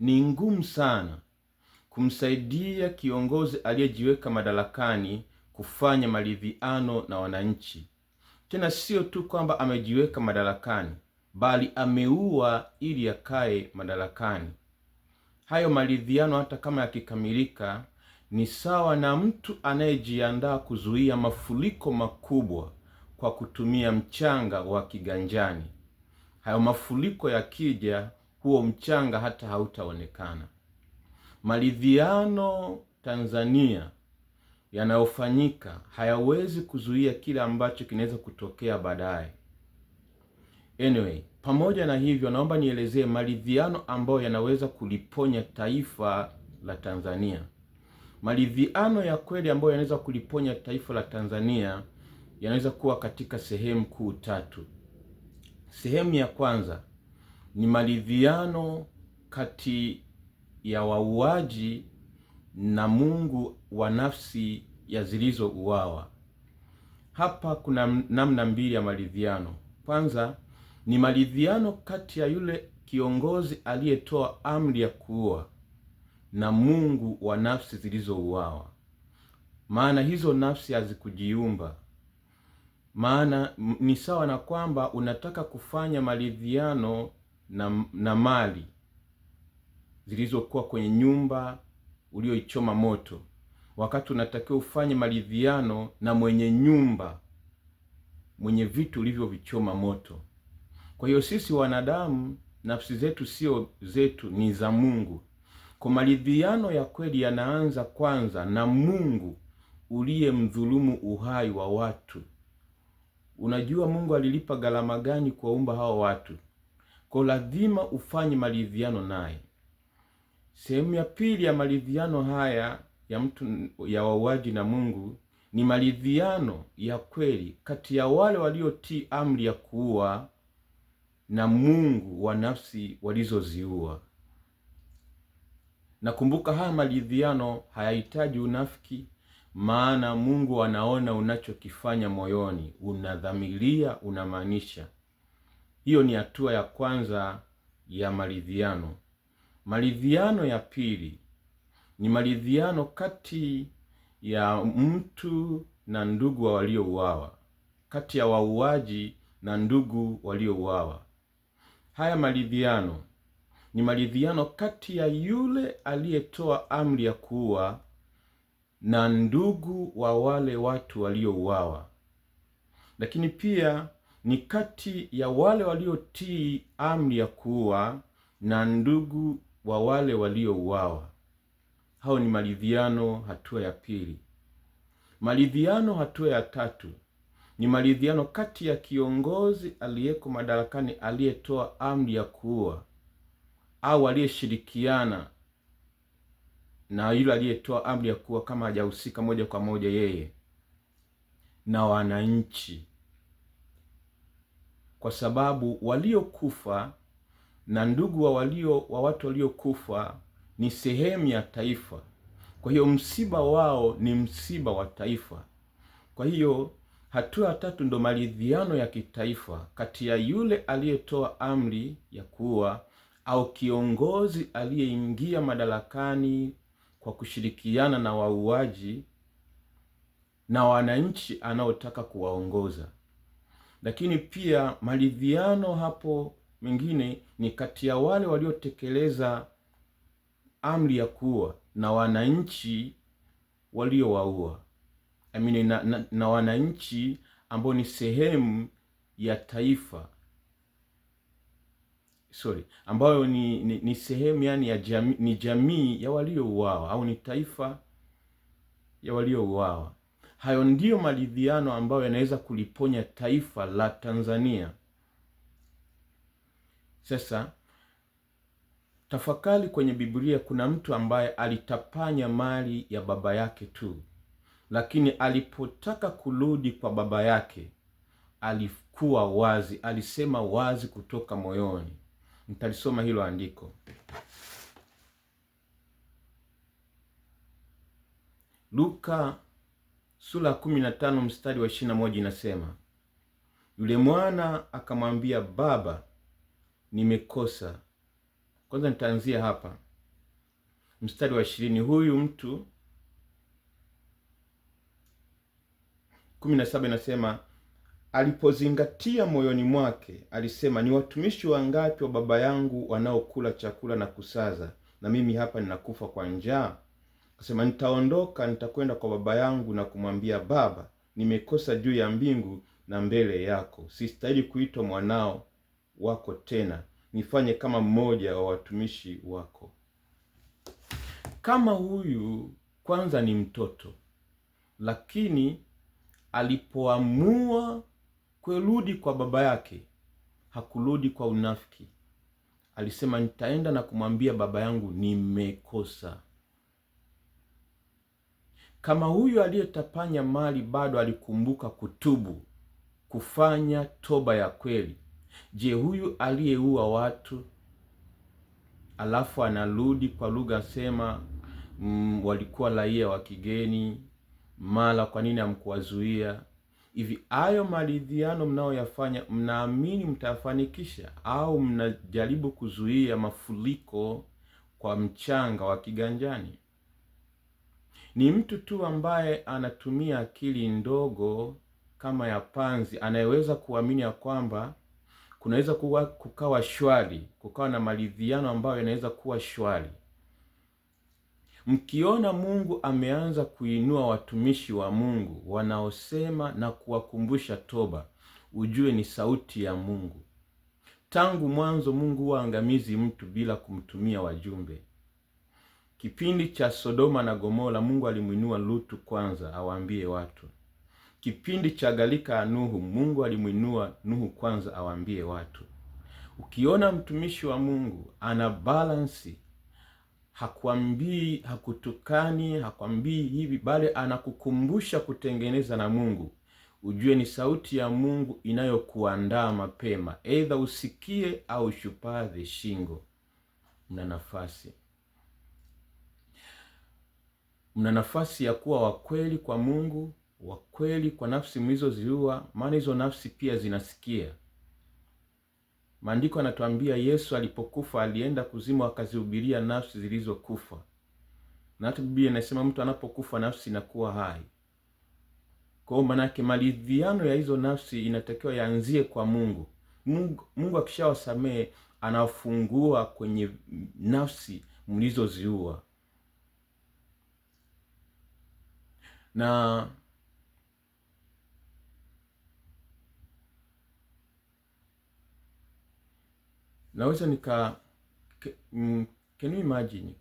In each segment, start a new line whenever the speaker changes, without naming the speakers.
Ni ngumu sana kumsaidia kiongozi aliyejiweka madarakani kufanya maridhiano na wananchi. Tena sio tu kwamba amejiweka madarakani, bali ameua ili yakae madarakani. Hayo maridhiano hata kama yakikamilika, ni sawa na mtu anayejiandaa kuzuia mafuriko makubwa kwa kutumia mchanga wa kiganjani. Hayo mafuriko yakija huo mchanga hata hautaonekana. Maridhiano Tanzania yanayofanyika hayawezi kuzuia kile ambacho kinaweza kutokea baadaye. Anyway, pamoja na hivyo, naomba nielezee maridhiano ambayo yanaweza kuliponya taifa la Tanzania. Maridhiano ya kweli ambayo yanaweza kuliponya taifa la Tanzania yanaweza kuwa katika sehemu kuu tatu. Sehemu ya kwanza ni maridhiano kati ya wauaji na Mungu wa nafsi ya zilizouawa. Hapa kuna namna mbili ya maridhiano. Kwanza ni maridhiano kati ya yule kiongozi aliyetoa amri ya kuua na Mungu wa nafsi zilizouawa, maana hizo nafsi hazikujiumba. Maana ni sawa na kwamba unataka kufanya maridhiano na, na mali zilizokuwa kwenye nyumba ulioichoma moto, wakati unatakiwa ufanye maridhiano na mwenye nyumba, mwenye vitu ulivyovichoma moto. Kwa hiyo sisi wanadamu, nafsi zetu sio zetu, ni za Mungu. Kwa maridhiano ya kweli yanaanza kwanza na Mungu uliyemdhulumu uhai wa watu. Unajua Mungu alilipa gharama gani kuwaumba hao watu? kwa lazima ufanye maridhiano naye. Sehemu ya pili ya maridhiano haya ya mtu ya wauaji na Mungu ni maridhiano ya kweli kati ya wale waliotii amri ya kuua na Mungu wa nafsi walizoziua. Nakumbuka, haya maridhiano hayahitaji unafiki, maana Mungu anaona unachokifanya moyoni, unadhamiria, unamaanisha. Hiyo ni hatua ya kwanza ya maridhiano. Maridhiano ya pili ni maridhiano kati ya mtu na ndugu wa waliouawa, kati ya wauaji na ndugu waliouawa. Haya maridhiano ni maridhiano kati ya yule aliyetoa amri ya kuua na ndugu wa wale watu waliouawa, lakini pia ni kati ya wale waliotii amri ya kuua na ndugu wa wale waliouawa. Hao ni maridhiano, hatua ya pili. Maridhiano, hatua ya tatu, ni maridhiano kati ya kiongozi aliyeko madarakani aliyetoa amri ya kuua au aliyeshirikiana na yule aliyetoa amri ya kuua kama hajahusika moja kwa moja yeye na wananchi kwa sababu waliokufa na ndugu wa walio wa watu waliokufa ni sehemu ya taifa. Kwa hiyo msiba wao ni msiba wa taifa. Kwa hiyo hatua ya tatu ndo maridhiano ya kitaifa kati ya yule aliyetoa amri ya kuua au kiongozi aliyeingia madarakani kwa kushirikiana na wauaji na wananchi anaotaka kuwaongoza. Lakini pia maridhiano hapo mengine ni kati ya wale waliotekeleza amri ya kuua na wananchi waliowaua, I mean, na, na, na wananchi ambao ni sehemu ya taifa sorry, ambayo ni, ni, ni sehemu yani ya jamii, ni jamii ya waliouawa au ni taifa ya waliouawa. Hayo ndiyo maridhiano ambayo yanaweza kuliponya taifa la Tanzania. Sasa tafakari, kwenye Biblia kuna mtu ambaye alitapanya mali ya baba yake tu, lakini alipotaka kurudi kwa baba yake alikuwa wazi, alisema wazi kutoka moyoni. Nitalisoma hilo andiko, Luka sura 15 kumi na tano mstari wa ishirini na moja inasema, yule mwana akamwambia baba, nimekosa. Kwanza nitaanzia hapa mstari wa ishirini. Huyu mtu kumi na saba inasema alipozingatia moyoni mwake alisema, ni watumishi wangapi wa baba yangu wanaokula chakula na kusaza, na mimi hapa ninakufa kwa njaa. Akasema, nitaondoka nitakwenda kwa baba yangu na kumwambia, Baba, nimekosa juu ya mbingu na mbele yako, sistahili kuitwa mwanao wako tena, nifanye kama mmoja wa watumishi wako. Kama huyu kwanza ni mtoto, lakini alipoamua kurudi kwa baba yake hakurudi kwa unafiki. Alisema, nitaenda na kumwambia baba yangu nimekosa. Kama huyu aliyetapanya mali bado alikumbuka kutubu, kufanya toba ya kweli, je, huyu aliyeua watu alafu anarudi kwa lugha sema mm, walikuwa raia wa kigeni, mara kwa nini amkuwazuia Hivi hayo maridhiano mnaoyafanya mnaamini mtayafanikisha, au mnajaribu kuzuia mafuriko kwa mchanga wa kiganjani? Ni mtu tu ambaye anatumia akili ndogo kama ya panzi, anayeweza kuamini ya kwamba kunaweza kuwa kukawa shwari, kukawa na maridhiano ambayo yanaweza kuwa shwari. Mkiona Mungu ameanza kuinua watumishi wa Mungu wanaosema na kuwakumbusha toba, ujue ni sauti ya Mungu. Tangu mwanzo Mungu huwa angamizi mtu bila kumtumia wajumbe. Kipindi cha Sodoma na Gomora, Mungu alimwinua Lutu kwanza awaambie watu. Kipindi cha gharika ya Nuhu, Mungu alimwinua Nuhu kwanza awaambie watu. Ukiona mtumishi wa Mungu ana balansi, hakuambii, hakutukani, hakuambii hivi, bali anakukumbusha kutengeneza na Mungu, ujue ni sauti ya Mungu inayokuandaa mapema, aidha usikie au shupaze shingo. Mna nafasi mna nafasi ya kuwa wakweli kwa Mungu, wakweli kwa nafsi mlizoziua, maana hizo nafsi pia zinasikia. Maandiko yanatuambia Yesu alipokufa alienda kuzimu, akazihubiria nafsi zilizokufa, na hata Biblia inasema mtu anapokufa nafsi inakuwa hai. Kwa hiyo maanake maridhiano ya hizo nafsi inatakiwa yaanzie kwa Mungu. Mungu, Mungu akishawasamehe anafungua kwenye nafsi mlizoziua. na naweza nika mm, can you imagine?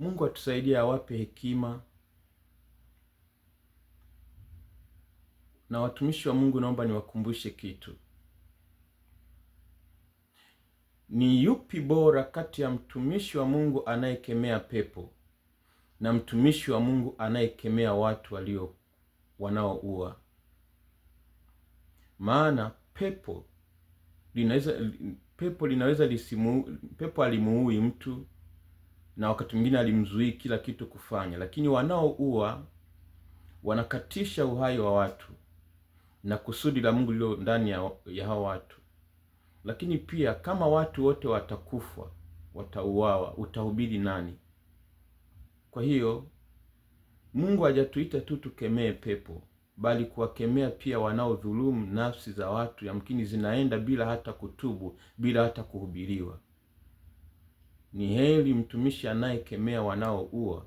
Mungu atusaidie, awape hekima na watumishi wa Mungu. Naomba niwakumbushe kitu. Ni yupi bora kati ya mtumishi wa Mungu anayekemea pepo na mtumishi wa Mungu anayekemea watu walio wanaoua? Maana pepo linaweza pepo linaweza lisimu, pepo alimuui mtu na wakati mwingine alimzuii kila kitu kufanya, lakini wanaoua wanakatisha uhai wa watu na kusudi la Mungu lilo ndani ya, ya hao watu. Lakini pia kama watu wote watakufa, watauawa, utahubiri nani? Kwa hiyo Mungu hajatuita tu tukemee pepo, bali kuwakemea pia wanaodhulumu nafsi za watu, yamkini zinaenda bila hata kutubu, bila hata kuhubiriwa. Ni heri mtumishi anayekemea wanaoua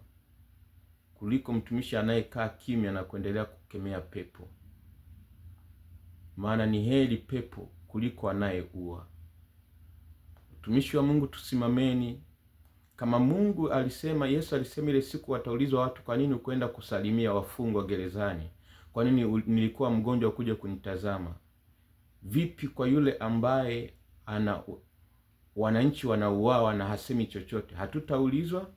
kuliko mtumishi anayekaa kimya na kuendelea kukemea pepo, maana ni heri pepo kuliko anayeua. Utumishi wa Mungu tusimameni. Kama Mungu alisema, Yesu alisema, ile siku wataulizwa watu, kwa nini ukwenda kusalimia wafungwa gerezani? Kwa nini nilikuwa mgonjwa kuja kunitazama? Vipi kwa yule ambaye ana wananchi wanauawa na hasemi chochote? Hatutaulizwa?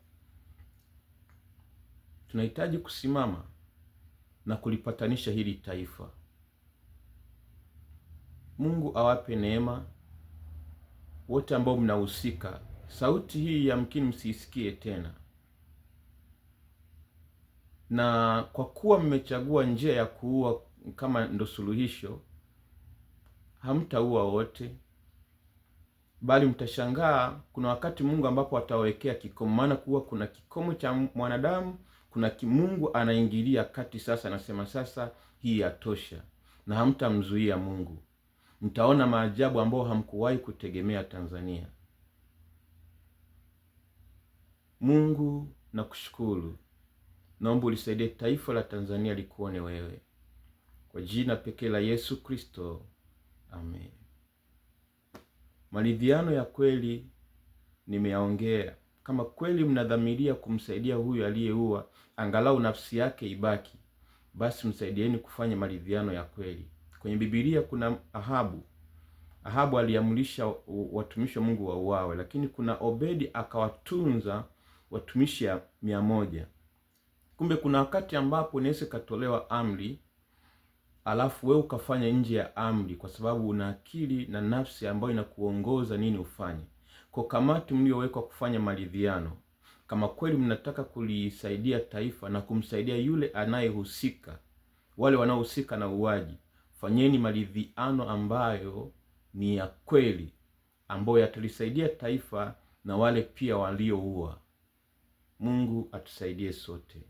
Tunahitaji kusimama na kulipatanisha hili taifa. Mungu awape neema wote ambao mnahusika. Sauti hii yamkini msiisikie tena, na kwa kuwa mmechagua njia ya kuua kama ndo suluhisho, hamtaua wote, bali mtashangaa. Kuna wakati Mungu ambapo atawawekea kikomo, maana kuwa kuna kikomo cha mwanadamu, kuna Mungu anaingilia kati. Sasa anasema sasa hii yatosha, na hamtamzuia Mungu mtaona maajabu ambayo hamkuwahi kutegemea Tanzania. Mungu nakushukuru, naomba ulisaidie taifa la Tanzania likuone wewe, kwa jina pekee la Yesu Kristo, amen. Maridhiano ya kweli nimeyaongea. Kama kweli mnadhamiria kumsaidia huyu aliyeua, angalau nafsi yake ibaki, basi msaidieni kufanya maridhiano ya kweli. Kwenye Biblia kuna Ahabu. Ahabu aliamrisha watumishi wa Mungu wauawe, lakini kuna Obedi akawatunza watumishi mia moja. Kumbe kuna wakati ambapo unaweza ikatolewa amri alafu wewe ukafanya nje ya amri, kwa sababu una akili na nafsi ambayo inakuongoza nini ufanye. Kwa kamati mliowekwa kufanya maridhiano, kama kweli mnataka kulisaidia taifa na kumsaidia yule anayehusika, wale wanaohusika na uwaji, Fanyeni maridhiano ambayo ni ya kweli, ambayo yatalisaidia taifa na wale pia walioua. Mungu atusaidie sote.